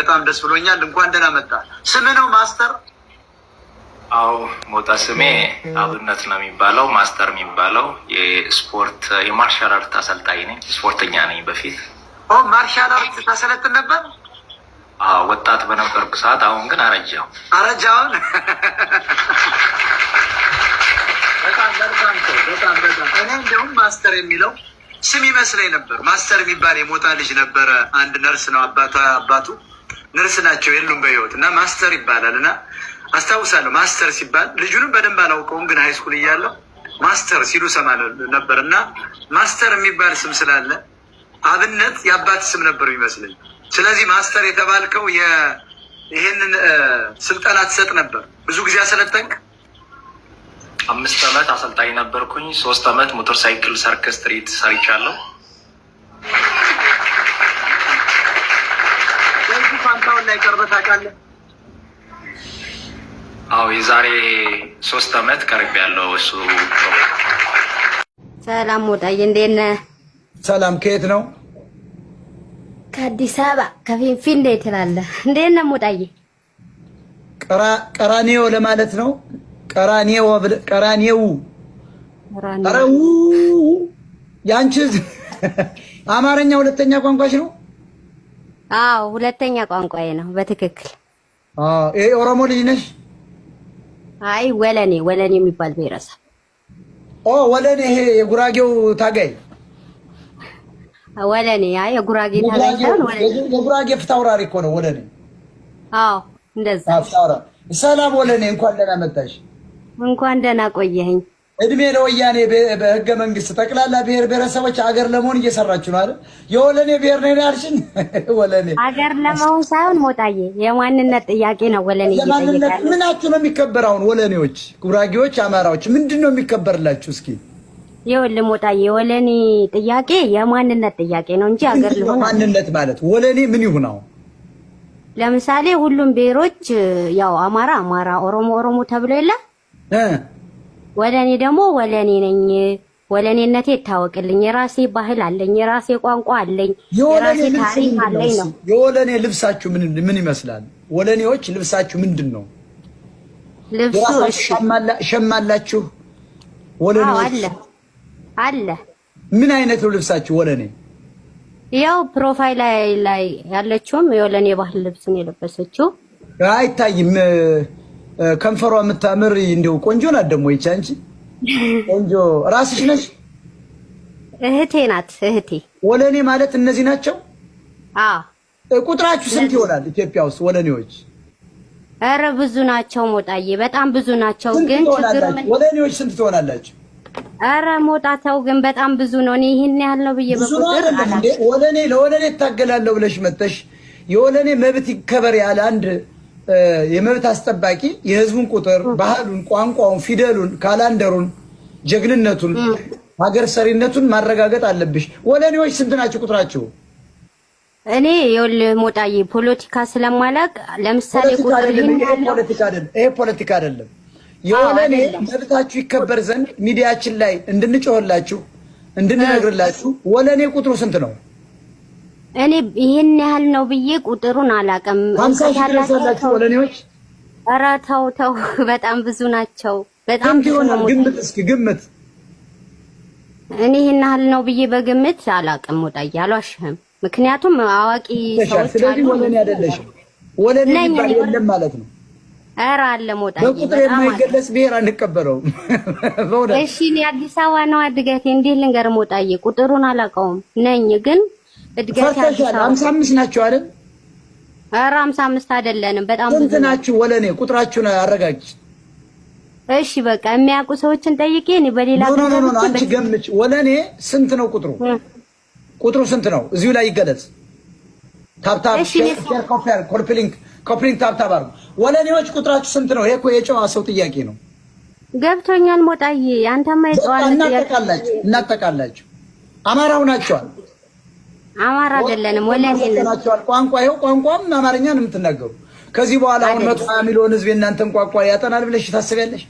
በጣም ደስ ብሎኛል። እንኳን ደህና መጣ። ስም ነው ማስተር? አዎ ሞጣ፣ ስሜ አብነት ነው የሚባለው። ማስተር የሚባለው የስፖርት የማርሻል አርት አሰልጣኝ ነኝ። ስፖርተኛ ነኝ በፊት። ማርሻል አርት ታሰለጥን ነበር? ወጣት በነበርኩ ሰዓት። አሁን ግን አረጃው አረጃውን እኔ እንዲሁም ማስተር የሚለው ስም ይመስለኝ ነበር። ማስተር የሚባል የሞጣ ልጅ ነበረ። አንድ ነርስ ነው አባቷ አባቱ ነርስ ናቸው የሉም በህይወት እና ማስተር ይባላል እና አስታውሳለሁ። ማስተር ሲባል ልጁንም በደንብ አላውቀውም፣ ግን ሃይስኩል እያለው ማስተር ሲሉ ሰማ ነበር እና ማስተር የሚባል ስም ስላለ አብነት የአባት ስም ነበር ይመስልኝ ስለዚህ ማስተር የተባልከው ይህንን ስልጠና ትሰጥ ነበር? ብዙ ጊዜ አሰለጠንክ? አምስት ዓመት አሰልጣኝ ነበርኩኝ። ሶስት ዓመት ሞተር ሳይክል ሰርከስ ትርኢት ሰርቻለሁ። ታውቃለህ? አዎ የዛሬ ሶስት አመት ቀርብ ያለው እሱ። ሰላም ሞጣዬ፣ እንዴት ነህ? ሰላም። ከየት ነው? ከአዲስ አበባ ከፊንፊኔ ትላለህ። እንዴት ነህ ሞጣዬ? ቀራኔዮ ለማለት ነው። ቀራኔዮ ቀራኔው ቀራኔው። ያንቺ አማርኛ ሁለተኛ ቋንቋሽ ነው? አዎ ሁለተኛ ቋንቋዬ ነው በትክክል። አዎ ይሄ ኦሮሞ ልጅ ነሽ? አይ ወለኔ ወለኔ የሚባል ብሔረሰብ። ኦ ወለኔ ይሄ የጉራጌው ታጋይ ወለኔ። አይ የጉራጌ ታጋይ የጉራጌ ፍታውራሪ እኮ ነው ወለኔ። አዎ እንደዛ። ሰላም ወለኔ፣ እንኳን ደህና መጣሽ። እንኳን ደህና ቆየኸኝ። እድሜ ለወያኔ በህገ መንግስት ጠቅላላ ብሔር ብሔረሰቦች አገር ለመሆን እየሰራችሁ ነው አይደል? የወለኔ ብሔር ነው ያልሽን ወለኔ አገር ለመሆን ሳይሆን ሞጣዬ የማንነት ጥያቄ ነው። ወለኔ የማንነት ምናችሁ ነው የሚከበር? አሁን ወለኔዎች፣ ጉራጌዎች፣ አማራዎች ምንድን ነው የሚከበርላችሁ? እስኪ ይኸውልህ ሞጣዬ የወለኔ ጥያቄ የማንነት ጥያቄ ነው እንጂ አገር ለመሆን ማንነት ማለት ወለኔ ምን ይሁን አሁን ለምሳሌ ሁሉም ብሔሮች ያው አማራ አማራ፣ ኦሮሞ ኦሮሞ ተብሎ የለ ወለኔ ደግሞ ወለኔ ነኝ። ወለኔነቴ ይታወቅልኝ። የራሴ ባህል አለኝ፣ የራሴ ቋንቋ አለኝ፣ የራሴ ታሪክ አለኝ ነው። የወለኔ ልብሳችሁ ምን ይመስላል? ወለኔዎች ልብሳችሁ ምንድን ነው? ልብሱ ሸማላችሁ? ወለኔ አለ አለ። ምን አይነት ነው ልብሳችሁ ወለኔ? ያው ፕሮፋይል ላይ ያለችውም የወለኔ ባህል ልብስን የለበሰችው አይታይም። ከንፈሯ የምታምር እንደው ቆንጆ ናት። ደግሞ ይቺ አንቺ ቆንጆ ራስሽ ነሽ? እህቴ ናት። እህቴ ወለኔ ማለት እነዚህ ናቸው። ቁጥራችሁ ስንት ይሆናል ኢትዮጵያ ውስጥ ወለኔዎች? ኧረ ብዙ ናቸው ሞጣዬ፣ በጣም ብዙ ናቸው። ግን ወለኔዎች ስንት ትሆናላችሁ? ኧረ ሞጣ ተው፣ ግን በጣም ብዙ ነው። እኔ ይሄን ያህል ነው ብዬ በቁጥር ወለኔ ለወለኔ እታገላለሁ ብለሽ መተሽ የወለኔ መብት ይከበር ያለ አንድ የመብት አስጠባቂ የህዝቡን ቁጥር፣ ባህሉን፣ ቋንቋውን፣ ፊደሉን፣ ካላንደሩን፣ ጀግንነቱን፣ ሀገር ሰሪነቱን ማረጋገጥ አለብሽ። ወለኔዎች ስንት ናቸው ቁጥራቸው? እኔ የወል ሞጣዬ ፖለቲካ ስለማላቅ ለምሳሌ ይሄ ፖለቲካ አይደለም። የወለኔ መብታችሁ ይከበር ዘንድ ሚዲያችን ላይ እንድንጮህላችሁ እንድንነግርላችሁ ወለኔ ቁጥሩ ስንት ነው? እኔ ይሄን ያህል ነው ብዬ ቁጥሩን አላውቅም። ወለኔዎች ኧረ ተው ተው፣ በጣም ብዙ ናቸው። በጣም ግምት፣ እስኪ ግምት። እኔ ይሄን ያህል ነው ብዬ በግምት አላውቅም። ወጣዬ አልዋሽህም፣ ምክንያቱም አዋቂ ሰዎች። ስለዚህ ወለኔ አይደለሽም። ወለኔ ይባል የለም ማለት ነው። ኧረ አለ ሞጣ በቁጥር የማይገለጽ ብሔር አንቀበለውም። እሺ፣ እኔ አዲስ አበባ ነው እድገቴ። እንዴት ልንገር ሞጣዬ፣ ቁጥሩን አላውቀውም ነኝ ግን ፈተሻል። ሀምሳ አምስት ናቸው አይደል? ኧረ አምስት አይደለንም። በጣም ስንት ናችሁ? ወለኔ ቁጥራችሁን አረጋግጭ። እሺ በቃ የሚያውቁ ሰዎችን ጠይቄ እኔ በሌላ ኖ ኖ ኖ፣ አንቺ ገምች። ወለኔ ስንት ነው ቁጥሩ? ቁጥሩ ስንት ነው? እዚሁ ላይ ይገለጽ። ታብታብ ወለኔዎች ቁጥራችሁ ስንት ነው? ይሄ እኮ የጨዋ ሰው ጥያቄ ነው። ገብቶኛል ሞጣዬ፣ አንተማ የጨዋነት እናጠቃላችሁ። አማራው ናቸዋል አማራ አይደለንም። ወላሂ ቋንቋ ይኸው ቋንቋም አማርኛ ነው የምትናገሩ። ከዚህ በኋላ አሁን መቶ ሀያ ሚሊዮን ህዝብ የእናንተን ቋንቋ ያጠናል ብለሽ ታስቢያለሽ?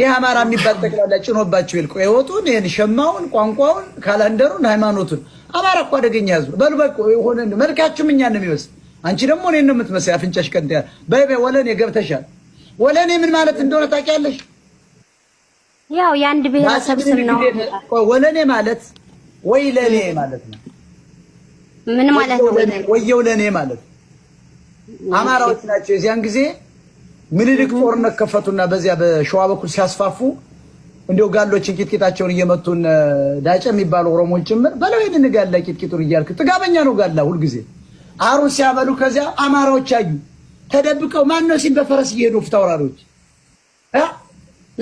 ይህ አማራ የሚባል ጠቅላላ ጭኖባቸው ይልቆ የወጡን ይህን ሸማውን፣ ቋንቋውን፣ ካላንደሩን፣ ሃይማኖቱን አማራ እኮ አደገኛ ህዝብ በሉ በቃ የሆነ መልካችሁም እኛን ነው የሚመስል። አንቺ ደግሞ እኔን ነው የምትመስል። አፍንጫሽ ቀንት ያለ በይ ወለኔ ገብተሻል። ወለኔ ምን ማለት እንደሆነ ታውቂያለሽ? ያው የአንድ ብሔረሰብ ስም ነው ወለኔ ማለት ወይ ለኔ ማለት ነው ምን ማለት ነው? ወየው ለእኔ ማለት አማራዎች ናቸው። የዚያን ጊዜ ምኒልክ ጦርነት ከፈቱና በዚያ በሸዋ በኩል ሲያስፋፉ እንዲው ጋሎችን ቂጥቂጣቸውን እየመቱን ዳጨ የሚባሉ ኦሮሞን ጭምር በለው ሄድን ጋላ ቂጥቂጡን እያልክ ጥጋበኛ ነው ጋላ ሁልጊዜ አሩ ሲያበሉ ከዚያ አማራዎች አዩ ተደብቀው ማን ነው ሲል በፈረስ እየሄዱ ፊታውራሪዎች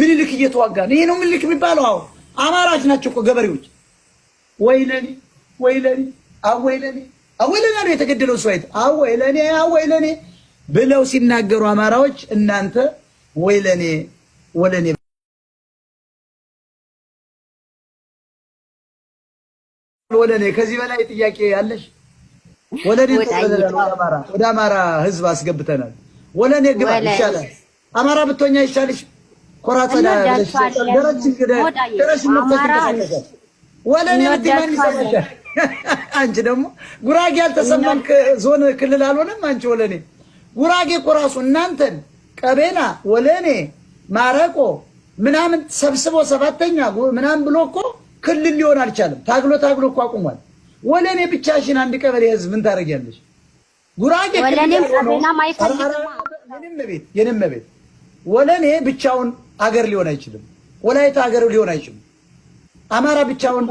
ምኒልክ እየተዋጋ ነው። ይሄ ነው ምኒልክ የሚባለው። አዎ አማራዎች ናቸው እኮ ገበሬዎች። ወይለኔ አወይ ለኔ አወይ ለኔ ነው የተገደለው ሰው አይተ አወይ ለኔ አወይ ለኔ ብለው ሲናገሩ አማራዎች እናንተ ወይ ለኔ ወለኔ ወለኔ ከዚህ በላይ ጥያቄ ያለሽ? ወለኔ ወደ አማራ ህዝብ አስገብተናል። ወለኔ ግባ ይሻላል። አማራ ብትሆኛ ይሻልሽ። ኮራታ ደረጅ ደረጅ ወለኔ ብትማን ይሰማሻል አንቺ ደግሞ ጉራጌ ያልተሰማም ዞን ክልል አልሆነም። አንቺ ወለኔ ጉራጌ እኮ ራሱ እናንተን ቀቤና ወለኔ ማረቆ ምናምን ሰብስቦ ሰባተኛ ምናምን ብሎ እኮ ክልል ሊሆን አልቻለም። ታግሎ ታግሎ እኮ አቁሟል። ወለኔ ብቻሽን አንድ ቀበሌ ህዝብ ምን ታደርጊያለሽ? ጉራጌ ቤት የንም ቤት ወለኔ ብቻውን አገር ሊሆን አይችልም። ወላይታ አገር ሊሆን አይችልም። አማራ ብቻውን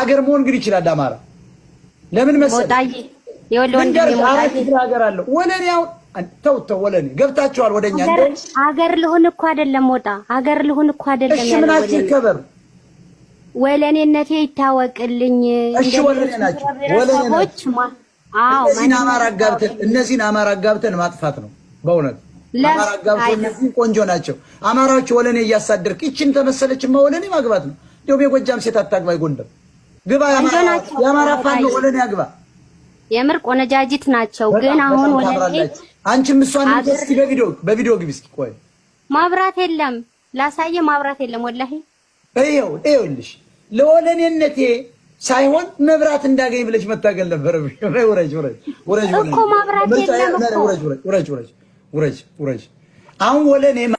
አገር መሆን ግን ይችላል። አማራ ለምን መሰለህ ወለኔ ተው ወለኔ ገብታችኋል። ወደኛ አገር ልሁን እኮ አይደለም ወጣ አገር ልሁን እኮ አይደለም። ምናችሁ ይከበር ወለኔነቴ ይታወቅልኝ። ወለኔ እነዚህን አማራ አጋብተን እነዚህን አማራ አጋብተን ማጥፋት ነው በእውነት አማራ አጋብተን ቆንጆ ናቸው አማራዎች ወለኔ እያሳደርክ ይችን ተመሰለችማ ወለኔ ማግባት ነው። እንዲሁም የጎጃም ሴት አታግባ። ይጎንደር ግባ። የአማራ ፋኖ ወለኔ ያግባ። የምር ቆነጃጅት ናቸው። ግን አሁን ወለኔ አንቺም እሷን እስኪ በቪዲዮ በቪዲዮ ግቢ እስኪ። ቆይ ማብራት የለም ላሳየ፣ ማብራት የለም ወላሂ። ይኸው ይኸውልሽ፣ ለወለኔነቴ ሳይሆን መብራት እንዳገኝ ብለሽ መታገል ነበረብሽ። ውረጅ ውረጅ ውረጅ እኮ ማብራት የለም እኮ። ውረጅ ውረጅ ውረጅ ውረጅ ውረጅ። አሁን ወለኔ